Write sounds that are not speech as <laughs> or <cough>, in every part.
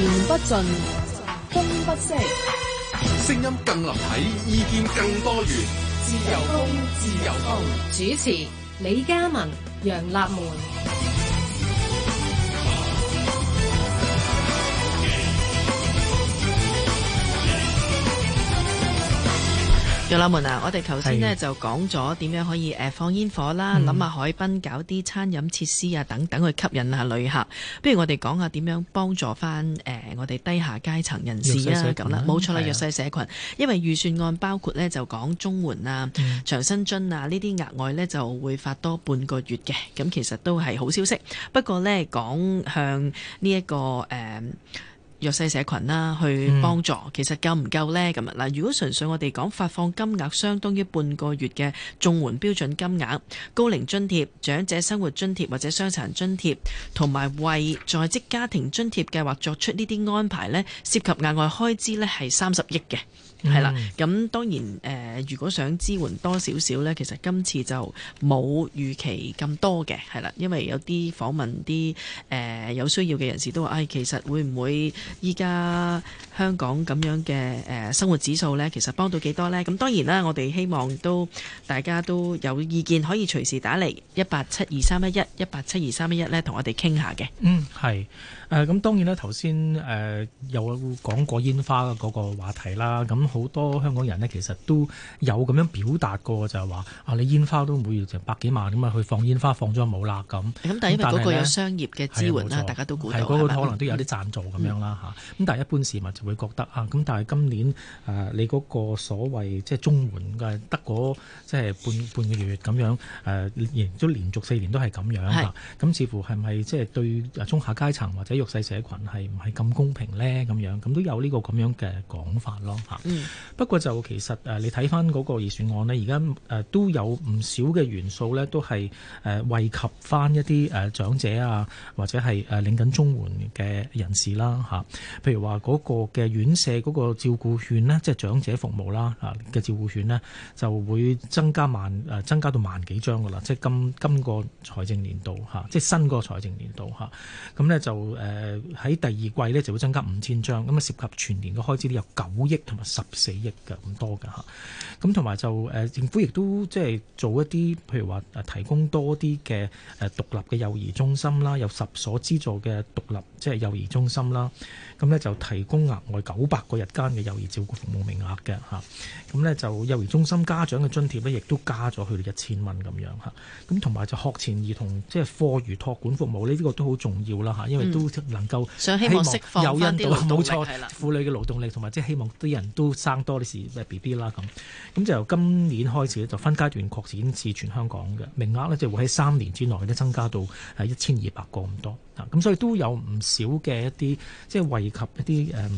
言不盡，風不息。聲音更立體，意見更多元。自由風，自由風。主持：李嘉文、楊立門。啊、我哋頭先呢就講咗點樣可以誒放煙火啦，諗、嗯、下海濱搞啲餐飲設施啊，等等去吸引下旅客。不如我哋講下點樣幫助返誒、呃、我哋低下階層人士啊咁、啊、啦，冇錯啦，弱勢社群。啊、因為預算案包括呢就講綜援啊、嗯、長生津啊呢啲額外呢就會發多半個月嘅，咁其實都係好消息。不過呢，講向呢、這、一個、呃弱勢社群啦，去幫助，其實夠唔夠呢？咁啊，嗱，如果純粹我哋講發放金額，相當於半個月嘅綜援標準金額、高齡津貼、長者生活津貼或者傷殘津貼，同埋為在職家庭津貼計劃作出呢啲安排呢，涉及額外開支呢係三十億嘅。係、嗯、啦，咁當然誒、呃，如果想支援多少少咧，其實今次就冇預期咁多嘅，係啦，因為有啲訪問啲誒、呃、有需要嘅人士都話，誒、哎、其實會唔會依家香港咁樣嘅誒、呃、生活指數呢？其實幫到幾多呢？」咁當然啦，我哋希望都大家都有意見，可以隨時打嚟一八七二三一一一八七二三一一呢，同我哋傾下嘅。嗯，係誒，咁、呃、當然啦，頭先誒有講過煙花嗰個話題啦，咁。好多香港人咧，其實都有咁樣表達過，就係、是、話啊，你煙花都每月成百幾萬咁啊，去放煙花放咗冇啦咁。咁但係因為嗰個有商業嘅支援啦，大家都估到，係嗰、那個可能都有啲贊助咁樣啦。咁但係一般市民就會覺得啊，咁但係今年、啊、你嗰個所謂即係綜援嘅得嗰即係半半個月咁樣誒，都、啊、連，連續四年都係咁樣咁、啊、似乎係咪即係對中下階層或者弱勢社群係唔係咁公平咧？咁樣咁都有呢個咁樣嘅講法咯、啊嗯、不過就其實你睇翻嗰個預算案呢，而家都有唔少嘅元素呢，都係誒惠及翻一啲誒長者啊，或者係誒領緊綜援嘅人士啦，譬如話嗰個嘅院舍嗰個照顧券呢，即係長者服務啦嘅照顧券呢，就會增加萬增加到萬幾張噶啦，即係今今個財政年度即係新個財政年度咁呢就喺第二季呢，就會增加五千張，咁啊涉及全年嘅開支呢有九億同埋十四億嘅咁多嘅吓，咁同埋就誒，政府亦都即係做一啲，譬如話誒提供多啲嘅誒獨立嘅幼兒中心啦，有十所資助嘅獨立即係幼兒中心啦，咁咧就提供額外九百個日間嘅幼兒照顧服務名額嘅吓，咁咧就幼兒中心家長嘅津貼咧亦都加咗去一千蚊咁樣吓，咁同埋就學前兒童即係課餘託管服務咧，呢、呢個都好重要啦吓，因為都能夠、嗯，想希望釋放翻啲冇錯婦女嘅勞動力同埋即係希望啲人都。生多啲事咩 B B 啦咁，咁就由今年開始咧就分階段擴展至全香港嘅名額咧，就會喺三年之內咧增加到一千二百個咁多，咁所以都有唔少嘅一啲即係惠及一啲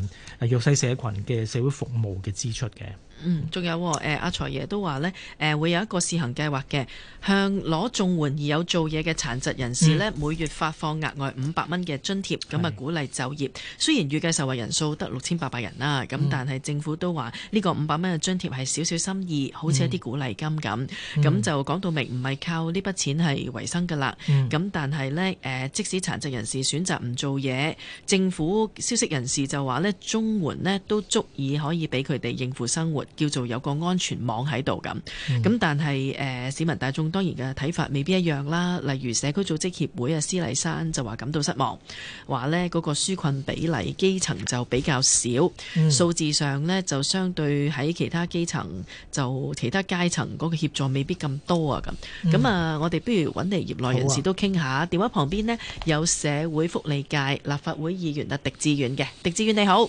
誒弱勢社群嘅社會服務嘅支出嘅。嗯，仲有、哦，誒、啊、阿財爺都話呢誒、啊、會有一個試行計劃嘅，向攞綜援而有做嘢嘅殘疾人士呢、嗯、每月發放額外五百蚊嘅津貼，咁啊鼓勵就業。雖然預計受惠人數得六千八百人啦，咁、嗯嗯、但係政府都話呢個五百蚊嘅津貼係少少心意，好似一啲鼓勵金咁。咁、嗯、就講到明唔係靠呢筆錢係維生噶啦。咁、嗯、但係呢、啊、即使殘疾人士選擇唔做嘢，政府消息人士就話呢綜援呢都足以可以俾佢哋應付生活。叫做有個安全網喺度咁，咁、嗯、但係誒、呃、市民大眾當然嘅睇法未必一樣啦。例如社區組織協會啊，施麗珊就話感到失望，話呢嗰、那個紓困比例基層就比較少，嗯、數字上呢就相對喺其他基層就其他階層嗰個協助未必咁多啊咁。咁、嗯、啊，我哋不如揾嚟業內人士都傾下、啊。電話旁邊呢，有社會福利界立法會議員啊，狄志遠嘅，狄志遠你好。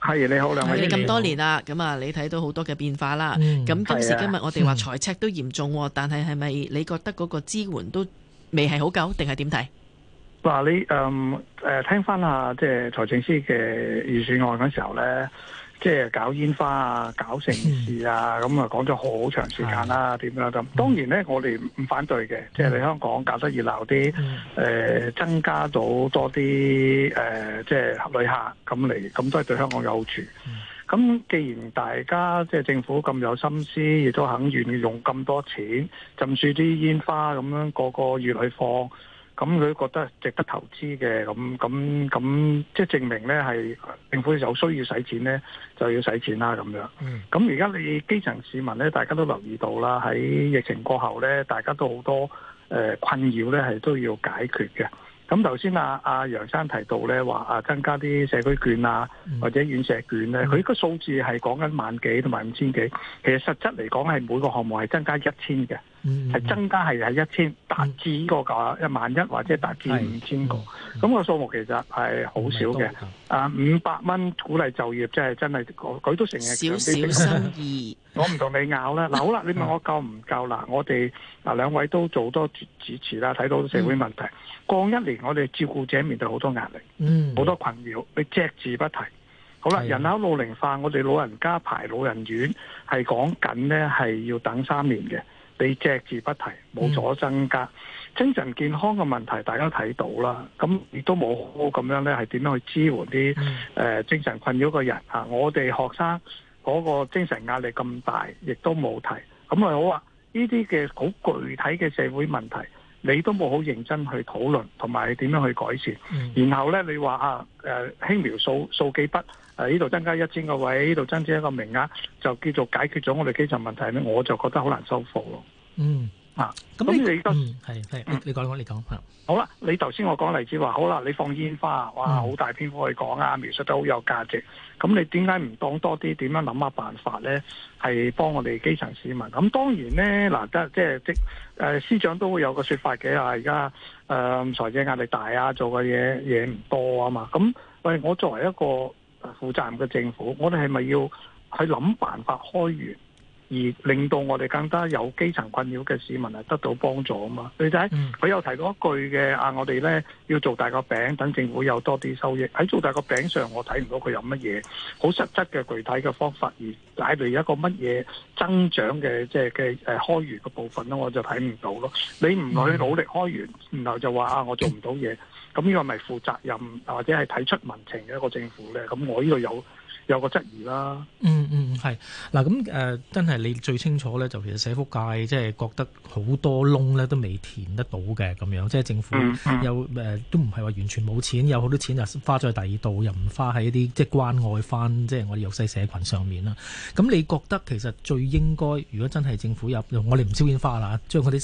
係你好，兩位，你咁多年啦，咁啊，你睇到好多嘅變化啦。咁、嗯、今時今日我哋話財赤都嚴重、嗯，但係係咪你覺得嗰個支援都未係好夠，定係點睇？嗱，你嗯誒，聽翻下即係財政司嘅預算案嗰時候咧。即、就、係、是、搞煙花啊，搞城市盛事啊，咁啊講咗好長時間啦、啊，點樣咁？當然咧，我哋唔反對嘅，即、嗯、係、就是、你香港搞得熱鬧啲，誒、嗯呃、增加到多啲誒，即係旅客咁嚟，咁都係對香港有好處。咁、嗯、既然大家即係、就是、政府咁有心思，亦都肯願意用咁多錢浸住啲煙花咁樣，個個月去放。咁佢覺得值得投資嘅，咁咁咁，即係、就是、證明咧係政府有需要使錢咧，就要使錢啦咁樣。咁而家你基層市民咧，大家都留意到啦，喺疫情過後咧，大家都好多、呃、困擾咧，係都要解決嘅。咁頭、啊啊、先阿阿楊生提到咧，話啊增加啲社區券啊，或者院舍券咧，佢、嗯、個數字係講緊萬幾同埋五千幾，其實實質嚟講係每個項目係增加一千嘅。係、嗯嗯、增加係係一千，達至呢個價一萬一或者達至五千、嗯嗯那個，咁個數目其實係好少嘅。啊，五百蚊鼓勵就業即係真係真係，佢都成日少少生意我不。我唔同你拗啦。嗱，好啦，你問我夠唔夠啦？ <laughs> 我哋嗱兩位都做多主持啦，睇到社會問題。過、嗯、一年我哋照顧者面對好多壓力，好、嗯、多困擾，你隻字不提。嗯、好啦，人口老齡化，我哋老人家排老人院係講緊呢係要等三年嘅。你隻字不提，冇咗增加、嗯、精神健康嘅問題，大家睇到啦，咁亦都冇好咁樣呢係點樣去支援啲誒、嗯呃、精神困擾嘅人、啊、我哋學生嗰個精神壓力咁大，亦都冇提，咁啊好啊！呢啲嘅好具體嘅社會問題，你都冇好認真去討論同埋點樣去改善、嗯，然後呢，你話啊誒、呃、輕描素數掃幾筆。呢、啊、度增加一千個位，呢度增加一個名額，就叫做解決咗我哋基層問題咧，我就覺得好難收貨咯。嗯啊，咁你個係係，你講你講好啦，你頭先、嗯、我講例子話，好啦，你放煙花，哇，好、嗯、大篇幅去講啊，描述得好有價值。咁你點解唔講多啲？點樣諗下辦法咧？係幫我哋基層市民。咁當然咧，嗱、啊，即係即誒，司、呃、長都會有個說法嘅啊。而家誒，財政壓力大啊，做嘅嘢嘢唔多啊嘛。咁，喂，我作為一個負責任嘅政府，我哋係咪要去諗辦法開源，而令到我哋更加有基層困擾嘅市民係得到幫助啊嘛？你睇，佢、嗯、有提到一句嘅啊，我哋咧要做大個餅，等政府有多啲收益。喺做大個餅上，我睇唔到佢有乜嘢好實質嘅具體嘅方法，而帶嚟一個乜嘢增長嘅即係嘅誒開源嘅部分咧，我就睇唔到咯。你唔去努力開源，然後就話啊，我做唔到嘢。嗯咁呢個咪負責任或者係體恤民情嘅一個政府咧？咁我呢度有有個質疑啦。嗯嗯，係嗱，咁誒、呃、真係你最清楚咧，就其實社福界即係覺得好多窿咧都未填得到嘅咁樣，即係政府又，誒、嗯嗯呃、都唔係話完全冇錢，有好多錢就花咗喺第二度，又唔花喺一啲即係關愛翻即係我哋弱勢社群上面啦。咁你覺得其實最應該，如果真係政府入，我哋唔燒煙花啦，將嗰啲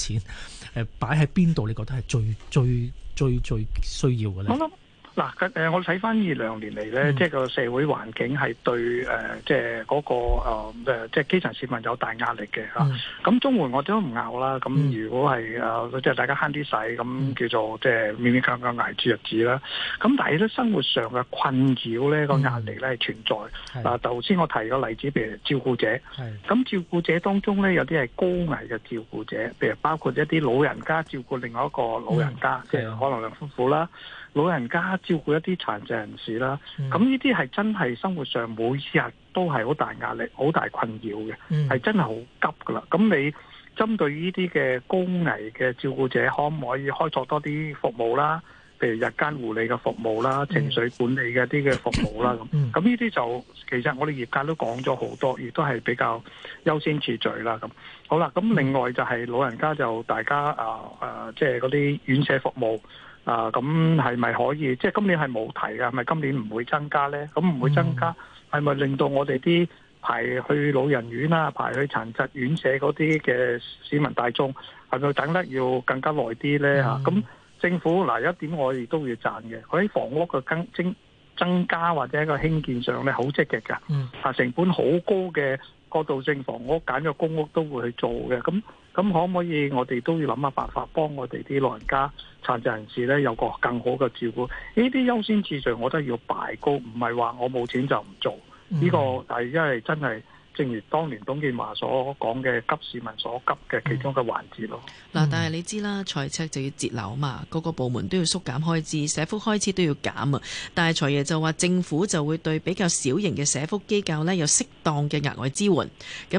錢誒擺喺邊度，你覺得係最最？最最最需要嘅咧。嗯嗯嗱，我睇翻呢兩年嚟咧，即係個社會環境係對誒、呃就是那個呃，即係嗰個即係基層市民有大壓力嘅咁、嗯、綜援我哋都唔拗啦。咁如果係誒，即、嗯、係大家慳啲使，咁叫做即係勉勉強強捱住日子啦。咁但係咧，生活上嘅困擾咧，個壓力咧係存在。嗱，頭先我提個例子，譬如照顧者。咁照顧者當中咧，有啲係高危嘅照顧者，譬如包括一啲老人家照顧另外一個老人家，即係可能兩夫婦啦。老人家照顧一啲殘障人士啦，咁呢啲係真係生活上每日都係好大壓力、好大困擾嘅，係、嗯、真係好急㗎啦。咁你針對呢啲嘅高危嘅照顧者，可唔可以開拓多啲服務啦？譬如日間護理嘅服務啦、嗯、情緒管理嘅啲嘅服務啦咁。咁呢啲就其實我哋業界都講咗好多，亦都係比較優先次序啦。咁好啦，咁另外就係老人家就大家啊、呃、即係嗰啲院舍服務。啊，咁係咪可以？即係今年係冇提㗎，係咪今年唔會增加咧？咁唔會增加，係、嗯、咪令到我哋啲排去老人院啦、排去殘疾院舍嗰啲嘅市民大眾係咪等得要更加耐啲咧？嚇、嗯，咁政府嗱一點我亦都要讚嘅，佢喺房屋嘅增增增加或者一個興建上咧，好積極㗎、嗯，成本好高嘅過渡性房屋揀咗公屋都會去做嘅，咁。咁可唔可以？我哋都要諗下辦法，幫我哋啲老人家、殘疾人士咧，有個更好嘅照顧。呢啲優先次序，我都係要擺高，唔係話我冇錢就唔做。呢個但係因為真係。正如當年董建華所講嘅急市民所急嘅其中嘅環節咯，嗱、嗯嗯，但係你知啦，財赤就要節流啊嘛，個個部門都要縮減開支，社福開支都要減啊。但係財爺就話政府就會對比較小型嘅社福機構呢，有適當嘅額外支援，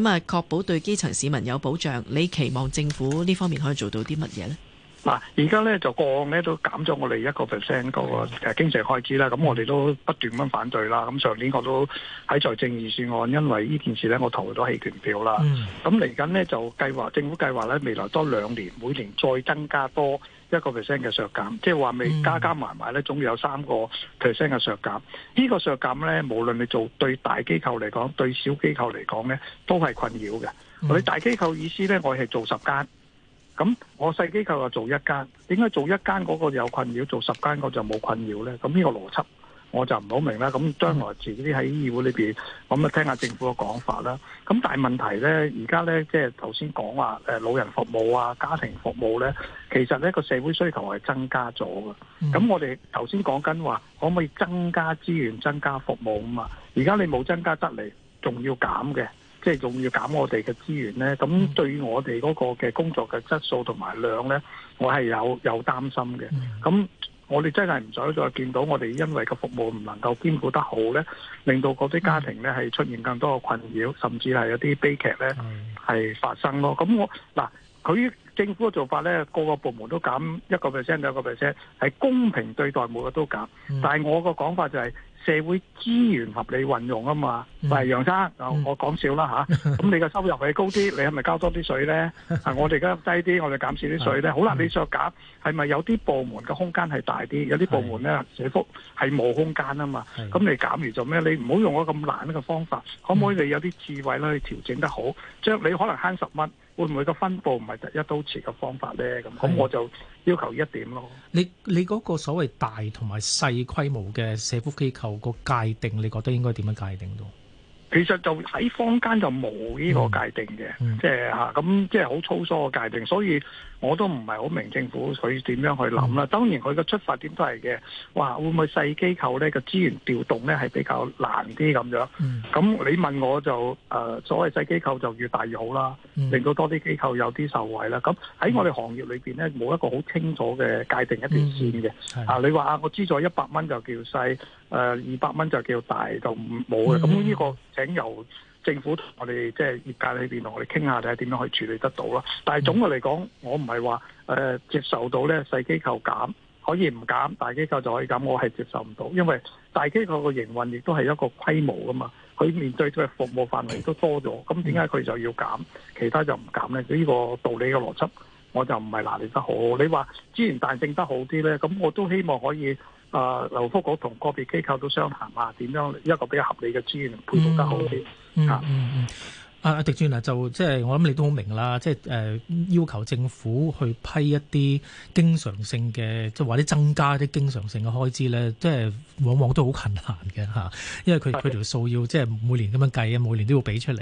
咁啊確保對基層市民有保障。你期望政府呢方面可以做到啲乜嘢呢？嗱，而家咧就個案咧都減咗我哋一個 percent 個誒經常開支啦，咁我哋都不斷咁反對啦。咁上年我都喺在財政預算案，因為呢件事咧我投咗棄權票啦。咁嚟緊咧就計劃政府計劃咧未來多兩年，每年再增加多一個 percent 嘅削減，即係話未加加埋埋咧總共有三個 percent 嘅削減。呢個削減咧，無論你做對大機構嚟講，對小機構嚟講咧，都係困擾嘅。我哋大機構意思咧，我係做十間。咁我細機構就做一間，點解做一間嗰個有困擾，做十間個就冇困擾呢？咁呢個邏輯我就唔好明啦。咁將來自己喺議會裏邊，咁啊聽下政府嘅講法啦。咁大問題呢，而家呢，即係頭先講話誒，老人服務啊，家庭服務呢，其實呢個社會需求係增加咗嘅。咁我哋頭先講緊話，可唔可以增加資源，增加服務啊嘛？而家你冇增加得嚟，仲要減嘅。即係仲要減我哋嘅資源咧，咁對我哋嗰個嘅工作嘅質素同埋量咧，我係有有擔心嘅。咁我哋真係唔想再見到我哋因為個服務唔能夠兼顧得好咧，令到嗰啲家庭咧係出現更多嘅困擾，甚至係有啲悲劇咧係發生咯。咁我嗱佢政府嘅做法咧，個個部門都減一個 percent 兩個 percent，係公平對待每個都減。但係我個講法就係、是。社會資源合理運用啊嘛，喂、嗯，係楊生，嗱、嗯、我講笑啦吓，咁你個收入係高啲，你係咪交多啲稅呢？啊， <laughs> 我哋而家低啲，我哋減少啲稅呢。好啦，你再減，係咪有啲部門嘅空間係大啲，有啲部門呢，社福係冇空間啊嘛，咁你減完做咩？你唔好用咗咁難嘅方法，可唔可以你有啲智慧咧去調整得好，將你可能慳十蚊。會唔會個分佈唔係得一刀切嘅方法咧？咁、嗯、咁我就要求一點咯。你你嗰個所謂大同埋細規模嘅社福機構個界定，你覺得應該點樣界定到？其實就喺坊間就冇呢個界定嘅，即係吓咁，即係好粗疏嘅界定，所以我都唔係好明政府佢點樣去諗啦、嗯。當然佢嘅出發點都係嘅，哇，會唔會細機構咧個資源調動咧係比較難啲咁樣？咁、嗯、你問我就誒、呃，所謂細機構就越大越好啦、嗯，令到多啲機構有啲受惠啦。咁喺我哋行業裏邊咧，冇一個好清楚嘅界定一條線嘅。啊，你話啊，我資助一百蚊就叫細？誒，二百蚊就叫大就冇嘅。咁、嗯、呢個請由政府同我哋即係業界裏邊同我哋傾下睇下點樣去處理得到啦。但係總嘅嚟講，我唔係話誒接受到呢，細機構減可以唔減，大機構就可以減，我係接受唔到，因為大機構嘅營運亦都係一個規模噶嘛，佢面對佢嘅服務範圍都多咗，咁點解佢就要減？其他就唔減呢？呢、這個道理嘅邏輯，我就唔係拿捏得好。你話資源彈性得好啲呢，咁我都希望可以。啊、呃，勞福局同個別機構都商談啊，點樣一個比較合理嘅資源配合得好啲啊！嗯嗯嗯嗯。阿、啊、阿狄啊，就即係、就是、我諗你都好明啦，即係誒要求政府去批一啲經常性嘅，即係或者增加啲經常性嘅開支咧，即、就、係、是、往往都好困難嘅吓、啊，因為佢佢條數要即係、就是、每年咁樣計啊，每年都要俾出嚟。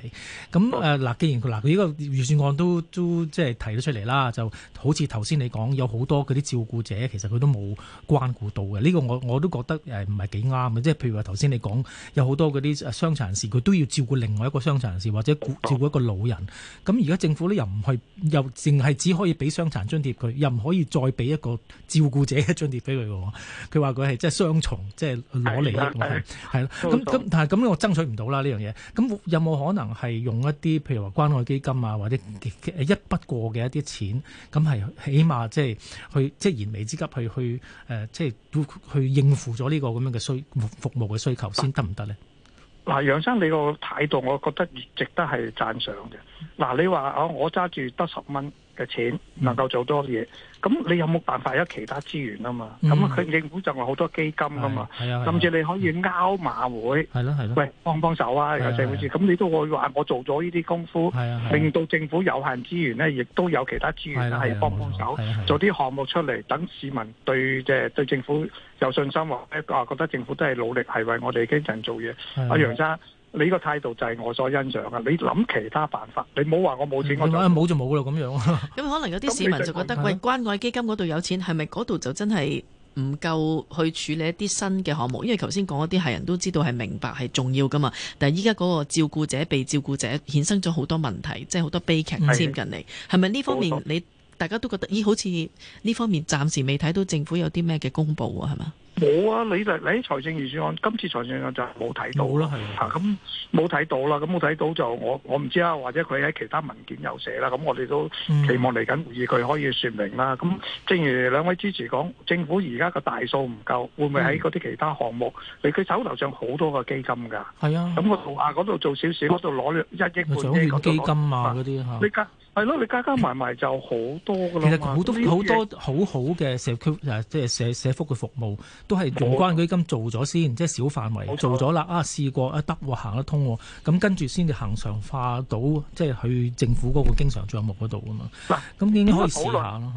咁誒嗱，既然佢佢呢個預算案都都，都即係提咗出嚟啦，就好似頭先你講有好多嗰啲照顧者其實佢都冇關顧到嘅，呢、這個我我都覺得誒唔係幾啱嘅，即係譬如話頭先你講有好多嗰啲誒傷殘人士，佢都要照顧另外一個傷殘人士或者。照顧一個老人，咁而家政府咧又唔係又淨係只可以俾傷殘津貼佢，又唔可以再俾一個照顧者嘅津貼俾佢嘅喎。佢話佢係即係雙重，即係攞嚟益。係啦，咁咁、嗯嗯嗯嗯，但係咁我爭取唔到啦呢樣嘢。咁有冇可能係用一啲譬如話關愛基金啊，或者一筆過嘅一啲錢，咁係起碼即係去即係燃眉之急去去誒，即係去應付咗呢個咁樣嘅需服務嘅需求先得唔得呢？嗱，楊生你個態度，我覺得值得係讚賞嘅。嗱，你話啊，我揸住得十蚊。嘅錢能夠做多嘢，咁你有冇辦法有其他資源啊嘛？咁佢政府就係好多基金噶嘛，甚至你可以勾馬會，係咯係咯，喂幫幫手啊！有社會資，咁你都會話我做咗呢啲功夫，令到政府有限資源咧，亦都有其他資源係幫幫手，做啲項目出嚟，等市民對即係對政府有信心，或者啊覺得政府都係努力，係為我哋嘅人做嘢。阿楊生。你個態度就係我所欣賞啊！你諗其他辦法，你唔好話我冇錢冇、嗯嗯嗯、就冇咯咁樣。咁 <laughs> 可能有啲市民就覺得，喂，關愛基金嗰度有錢，係咪嗰度就真係唔夠去處理一啲新嘅項目？因為頭先講嗰啲係人都知道係明白係重要噶嘛。但係依家嗰個照顧者被照顧者衍生咗好多問題，即係好多悲劇黐緊你，係咪呢方面你大家都覺得咦？好似呢方面暫時未睇到政府有啲咩嘅公佈啊？係嘛？冇啊！你就你喺財政預算案，今次財政案就係冇睇到啦。嚇，咁冇睇到啦，咁冇睇到就我我唔知啊，或者佢喺其他文件有寫啦。咁我哋都期望嚟緊會議佢可以説明啦。咁正如兩位支持講，政府而家個大數唔夠，會唔會喺嗰啲其他項目？你佢手頭上好多個基金㗎。係啊，咁我同阿嗰度做少少，嗰度攞咗一億半基金啊，嗰啲嚇。係咯，你加加埋埋就好多噶啦。其實多好多好好多好多好好嘅社區，即係社社福嘅服務，都係用關愛基金做咗先，即係小範圍做咗啦。啊，試過啊，得喎，行得通喎。咁、嗯、跟住先至行常化到，即係去政府嗰個經常帳目嗰度、嗯、啊嘛。咁點解可以試下咯。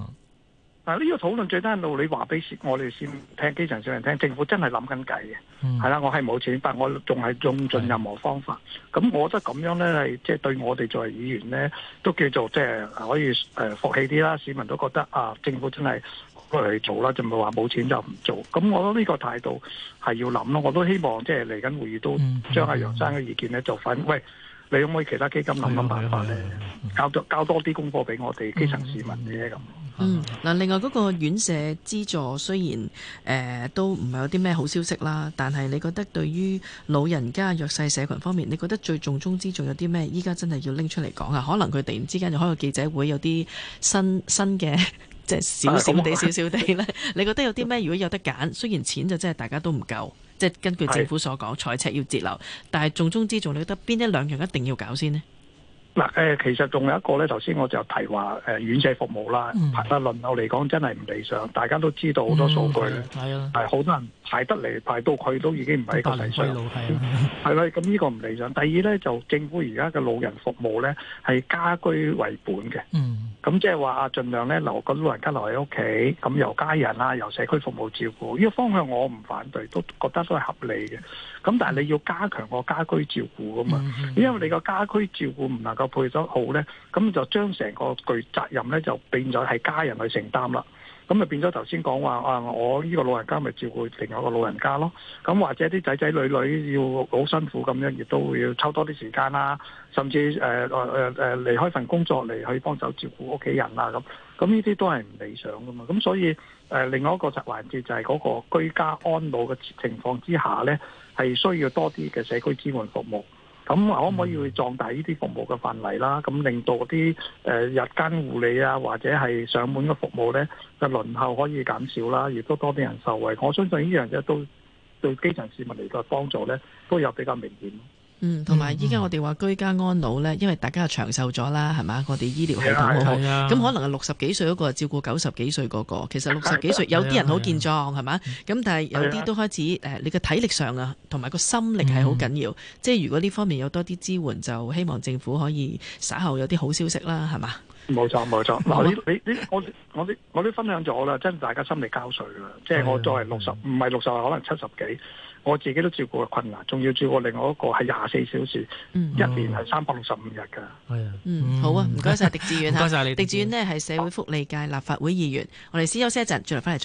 呢、這個討論最低係路，你話俾我哋先聽，基層市民聽，政府真係諗緊計嘅，係、嗯、啦，我係冇錢，但我仲係用盡任何方法。咁我覺得咁樣咧，係即係對我哋作為議員咧，都叫做即係可以誒、呃、服氣啲啦。市民都覺得啊，政府真係過嚟去做啦，就唔係話冇錢就唔做。咁我覺得呢個態度係要諗咯。我都希望即係嚟緊會議都將阿楊生嘅意見咧，就反、嗯、喂。你可唔可以其他基金諗諗辦法呢？啊啊啊啊、交，交多交多啲功課俾我哋基層市民啫咁。嗯，嗱、嗯，另外嗰個院舍資助雖然誒、呃、都唔係有啲咩好消息啦，但係你覺得對於老人家弱勢社群方面，你覺得最重中之重有啲咩？依家真係要拎出嚟講啊！可能佢突然之間就開個記者會有些，有啲新新嘅即係少少地、少少地咧。小小 <laughs> 你覺得有啲咩？如果有得揀，雖然錢就真係大家都唔夠。即係根據政府所講，財赤要節流，但係重中之重，你覺得邊一兩樣一定要搞先呢？嗱誒，其實仲有一個咧，頭先我就提話誒，遠距服務啦，排得輪候嚟講真係唔理想。大家都知道好多數據咧、嗯，但係好多人排得嚟，排到佢都已經唔係一個理想。係咯，係咯，咁呢個唔理想。第二咧，就政府而家嘅老人服務咧，係家居為本嘅。嗯，咁即係話啊，儘量咧留個老人家留喺屋企，咁由家人啊，由社區服務照顧。呢、這個方向我唔反對，都覺得都係合理嘅。咁但係你要加強個家居照顧噶嘛，因為你個家居照顧唔能夠配得好咧，咁就將成個具責任咧就變咗係家人去承擔啦。咁咪變咗頭先講話啊！我呢個老人家咪照顧另外個老人家咯。咁或者啲仔仔女女要好辛苦咁樣，亦都會要抽多啲時間啦。甚至誒誒誒離開份工作嚟去幫手照顧屋企人啦。咁咁呢啲都係唔理想㗎嘛。咁所以誒、呃，另外一個實環節就係嗰個居家安老嘅情況之下呢，係需要多啲嘅社區支援服務。咁可唔可以去壯大呢啲服務嘅範圍啦？咁令到啲誒、呃、日間護理啊，或者係上門嘅服務咧就輪候可以減少啦，亦都多啲人受惠。我相信呢樣嘢都對基層市民嚟講幫助咧，都有比較明顯。嗯，同埋依家我哋話居家安老咧、嗯，因為大家又長壽咗啦，係嘛？我哋醫療系統好好，咁、啊啊、可能係六十幾歲嗰個照顧九十幾歲嗰個。其實六十幾歲有啲人好健壯，係嘛、啊？咁、啊啊、但係有啲都開始誒、啊呃，你嘅體力上啊，同埋個心力係好緊要。嗯、即係如果呢方面有多啲支援，就希望政府可以稍後有啲好消息啦，係嘛？冇錯，冇錯。嗱， <laughs> 你我我我都分享咗啦，真係大家心力交瘁啦。即係、啊、我作為六十，唔係六十，可能七十幾。我自己都照顧嘅困難，仲要照顧另外一個係廿四小時，嗯、一年係三百六十五日嘅。係啊，嗯，好啊，唔該晒。狄志遠，嚇，唔該晒你。狄志遠咧係社會福利界立法會議員， <laughs> 我哋先休息一陣，轉頭翻嚟再